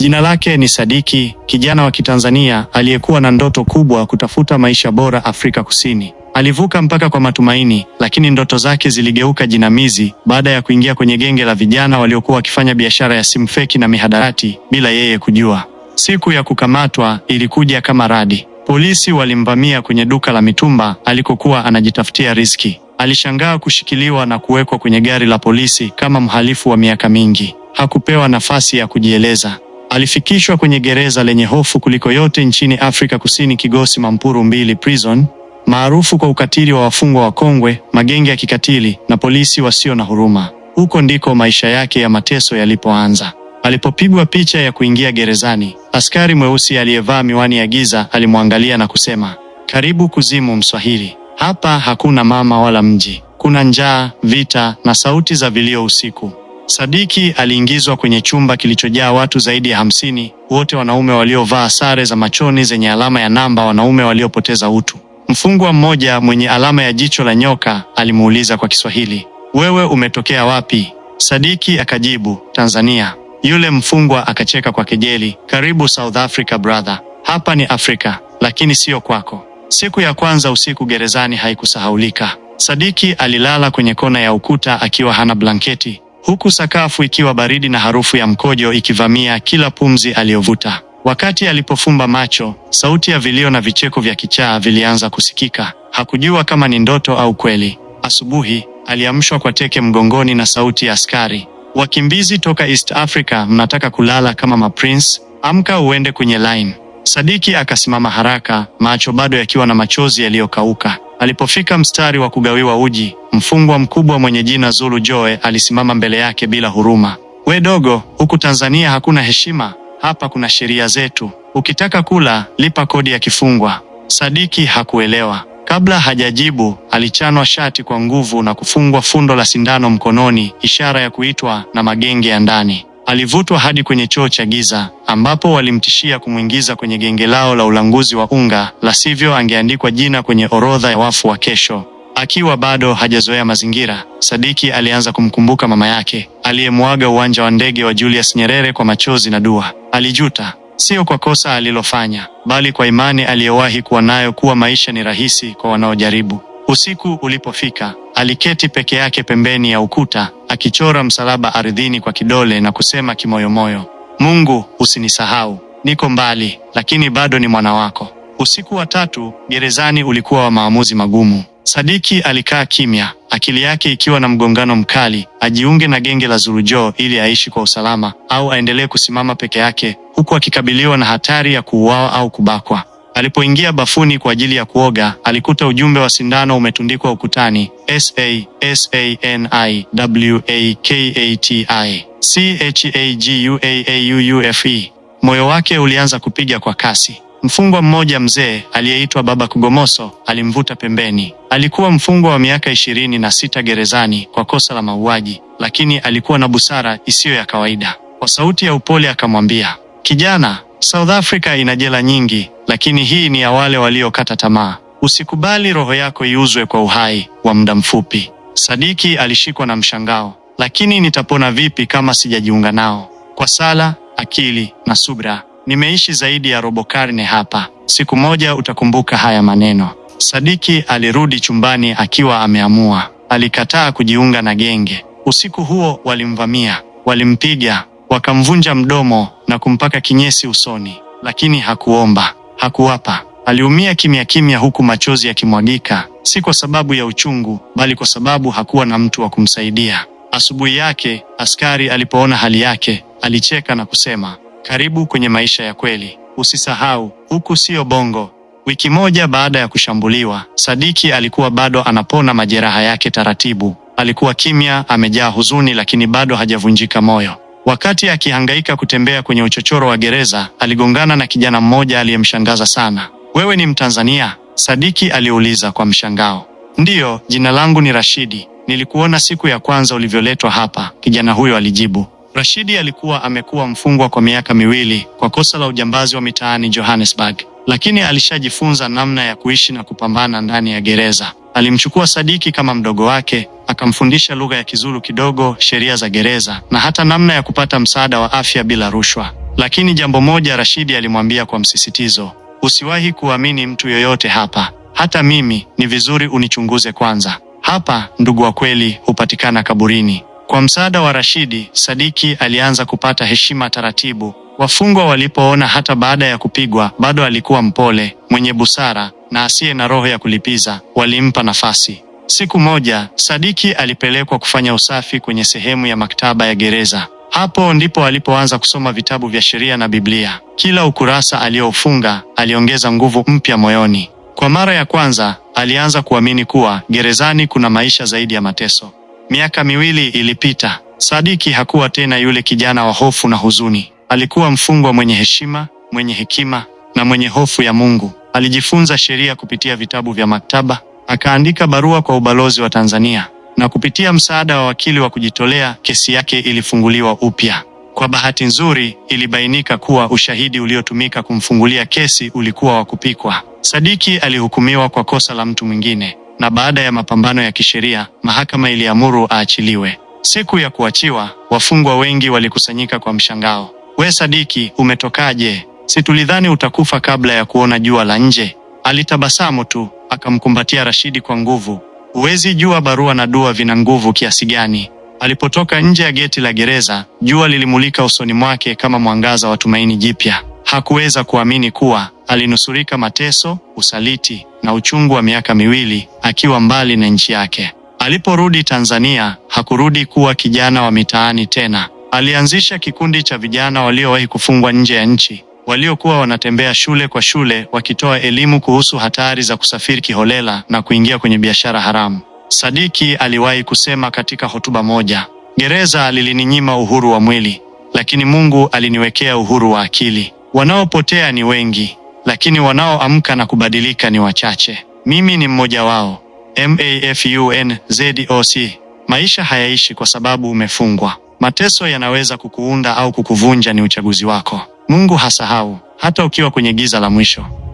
Jina lake ni Sadiki, kijana wa Kitanzania aliyekuwa na ndoto kubwa kutafuta maisha bora Afrika Kusini. Alivuka mpaka kwa matumaini, lakini ndoto zake ziligeuka jinamizi baada ya kuingia kwenye genge la vijana waliokuwa wakifanya biashara ya simu feki na mihadarati bila yeye kujua. Siku ya kukamatwa ilikuja kama radi. Polisi walimvamia kwenye duka la mitumba alikokuwa anajitafutia riziki. Alishangaa kushikiliwa na kuwekwa kwenye gari la polisi kama mhalifu wa miaka mingi. Hakupewa nafasi ya kujieleza. Alifikishwa kwenye gereza lenye hofu kuliko yote nchini Afrika Kusini, Kigosi Mampuru mbili Prison, maarufu kwa ukatili wa wafungwa wakongwe, magenge ya kikatili na polisi wasio na huruma. Huko ndiko maisha yake ya mateso yalipoanza. Alipopigwa picha ya kuingia gerezani, askari mweusi aliyevaa miwani ya giza alimwangalia na kusema, karibu kuzimu, Mswahili. Hapa hakuna mama wala mji, kuna njaa, vita na sauti za vilio usiku. Sadiki aliingizwa kwenye chumba kilichojaa watu zaidi ya hamsini, wote wanaume waliovaa sare za machoni zenye alama ya namba, wanaume waliopoteza utu. Mfungwa mmoja mwenye alama ya jicho la nyoka alimuuliza kwa Kiswahili, wewe umetokea wapi? Sadiki akajibu, Tanzania. Yule mfungwa akacheka kwa kejeli, karibu South Africa brother, hapa ni Afrika lakini siyo kwako. Siku ya kwanza usiku gerezani haikusahaulika. Sadiki alilala kwenye kona ya ukuta akiwa hana blanketi huku sakafu ikiwa baridi na harufu ya mkojo ikivamia kila pumzi aliyovuta. Wakati alipofumba macho, sauti ya vilio na vicheko vya kichaa vilianza kusikika. Hakujua kama ni ndoto au kweli. Asubuhi aliamshwa kwa teke mgongoni na sauti ya askari. Wakimbizi toka East Africa, mnataka kulala kama maprince? Amka uende kwenye line. Sadiki akasimama haraka, macho bado yakiwa na machozi yaliyokauka. Alipofika mstari wa kugawiwa uji, mfungwa mkubwa mwenye jina Zulu Joe alisimama mbele yake bila huruma. We dogo, huku Tanzania hakuna heshima, hapa kuna sheria zetu. Ukitaka kula, lipa kodi ya kifungwa. Sadiki hakuelewa. Kabla hajajibu, alichanwa shati kwa nguvu na kufungwa fundo la sindano mkononi, ishara ya kuitwa na magenge ya ndani alivutwa hadi kwenye choo cha giza ambapo walimtishia kumwingiza kwenye genge lao la ulanguzi wa unga, la sivyo angeandikwa jina kwenye orodha ya wafu wa kesho. Akiwa bado hajazoea mazingira, Sadiki alianza kumkumbuka mama yake aliyemwaga uwanja wa ndege wa Julius Nyerere kwa machozi na dua. Alijuta, sio kwa kosa alilofanya, bali kwa imani aliyowahi kuwa nayo kuwa maisha ni rahisi kwa wanaojaribu. Usiku ulipofika Aliketi peke yake pembeni ya ukuta akichora msalaba ardhini kwa kidole na kusema kimoyomoyo, Mungu usinisahau, niko mbali, lakini bado ni mwana wako. Usiku wa tatu gerezani ulikuwa wa maamuzi magumu. Sadiki alikaa kimya, akili yake ikiwa na mgongano mkali: ajiunge na genge la Zurujo ili aishi kwa usalama, au aendelee kusimama peke yake huku akikabiliwa na hatari ya kuuawa au kubakwa. Alipoingia bafuni kwa ajili ya kuoga, alikuta ujumbe wa sindano umetundikwa ukutani: S A S A N I W A K A T I C H A G U A A U U F E. Moyo wake ulianza kupiga kwa kasi. Mfungwa mmoja mzee aliyeitwa Baba Kugomoso alimvuta pembeni. Alikuwa mfungwa wa miaka ishirini na sita gerezani kwa kosa la mauaji, lakini alikuwa na busara isiyo ya kawaida. Kwa sauti ya upole akamwambia kijana South Africa ina jela nyingi, lakini hii ni ya wale waliokata tamaa. Usikubali roho yako iuzwe kwa uhai wa muda mfupi. Sadiki alishikwa na mshangao, lakini nitapona vipi kama sijajiunga nao? Kwa sala, akili na subra, nimeishi zaidi ya robo karne hapa. Siku moja utakumbuka haya maneno. Sadiki alirudi chumbani akiwa ameamua. Alikataa kujiunga na genge. Usiku huo walimvamia, walimpiga, Wakamvunja mdomo na kumpaka kinyesi usoni, lakini hakuomba, hakuwapa. Aliumia kimya kimya, huku machozi yakimwagika, si kwa sababu ya uchungu, bali kwa sababu hakuwa na mtu wa kumsaidia. Asubuhi yake askari alipoona hali yake, alicheka na kusema, karibu kwenye maisha ya kweli, usisahau huku siyo bongo. Wiki moja baada ya kushambuliwa, Sadiki alikuwa bado anapona majeraha yake taratibu. Alikuwa kimya, amejaa huzuni, lakini bado hajavunjika moyo. Wakati akihangaika kutembea kwenye uchochoro wa gereza, aligongana na kijana mmoja aliyemshangaza sana. Wewe ni Mtanzania? Sadiki aliuliza kwa mshangao. Ndiyo, jina langu ni Rashidi. Nilikuona siku ya kwanza ulivyoletwa hapa, kijana huyo alijibu. Rashidi alikuwa amekuwa mfungwa kwa miaka miwili kwa kosa la ujambazi wa mitaani Johannesburg, lakini alishajifunza namna ya kuishi na kupambana ndani ya gereza. Alimchukua Sadiki kama mdogo wake, akamfundisha lugha ya Kizulu kidogo, sheria za gereza na hata namna ya kupata msaada wa afya bila rushwa. Lakini jambo moja Rashidi alimwambia kwa msisitizo, usiwahi kuamini mtu yoyote hapa, hata mimi. Ni vizuri unichunguze kwanza. Hapa ndugu wa kweli hupatikana kaburini. Kwa msaada wa Rashidi, Sadiki alianza kupata heshima taratibu. Wafungwa walipoona hata baada ya kupigwa bado alikuwa mpole, mwenye busara na asiye na roho ya kulipiza walimpa nafasi. Siku moja Sadiki alipelekwa kufanya usafi kwenye sehemu ya maktaba ya gereza. Hapo ndipo alipoanza kusoma vitabu vya sheria na Biblia. Kila ukurasa aliofunga aliongeza nguvu mpya moyoni. Kwa mara ya kwanza alianza kuamini kuwa gerezani kuna maisha zaidi ya mateso. Miaka miwili ilipita. Sadiki hakuwa tena yule kijana wa hofu na huzuni. Alikuwa mfungwa mwenye heshima, mwenye hekima na mwenye hofu ya Mungu. Alijifunza sheria kupitia vitabu vya maktaba, akaandika barua kwa ubalozi wa Tanzania na kupitia msaada wa wakili wa kujitolea kesi yake ilifunguliwa upya. Kwa bahati nzuri, ilibainika kuwa ushahidi uliotumika kumfungulia kesi ulikuwa wa kupikwa. Sadiki alihukumiwa kwa kosa la mtu mwingine, na baada ya mapambano ya kisheria, mahakama iliamuru aachiliwe. Siku ya kuachiwa, wafungwa wengi walikusanyika kwa mshangao. We Sadiki, umetokaje? si tulidhani utakufa kabla ya kuona jua la nje. Alitabasamu tu akamkumbatia Rashidi kwa nguvu. Huwezi jua barua na dua vina nguvu kiasi gani. Alipotoka nje ya geti la gereza, jua lilimulika usoni mwake kama mwangaza wa tumaini jipya. Hakuweza kuamini kuwa alinusurika mateso, usaliti na uchungu wa miaka miwili akiwa mbali na nchi yake. Aliporudi Tanzania, hakurudi kuwa kijana wa mitaani tena. Alianzisha kikundi cha vijana waliowahi kufungwa nje ya nchi waliokuwa wanatembea shule kwa shule wakitoa elimu kuhusu hatari za kusafiri kiholela na kuingia kwenye biashara haramu. Sadiki aliwahi kusema katika hotuba moja, gereza lilininyima uhuru wa mwili, lakini Mungu aliniwekea uhuru wa akili. Wanaopotea ni wengi, lakini wanaoamka na kubadilika ni wachache. Mimi ni mmoja wao. MAFUNZOC. Maisha hayaishi kwa sababu umefungwa. Mateso yanaweza kukuunda au kukuvunja, ni uchaguzi wako. Mungu hasahau hata ukiwa kwenye giza la mwisho.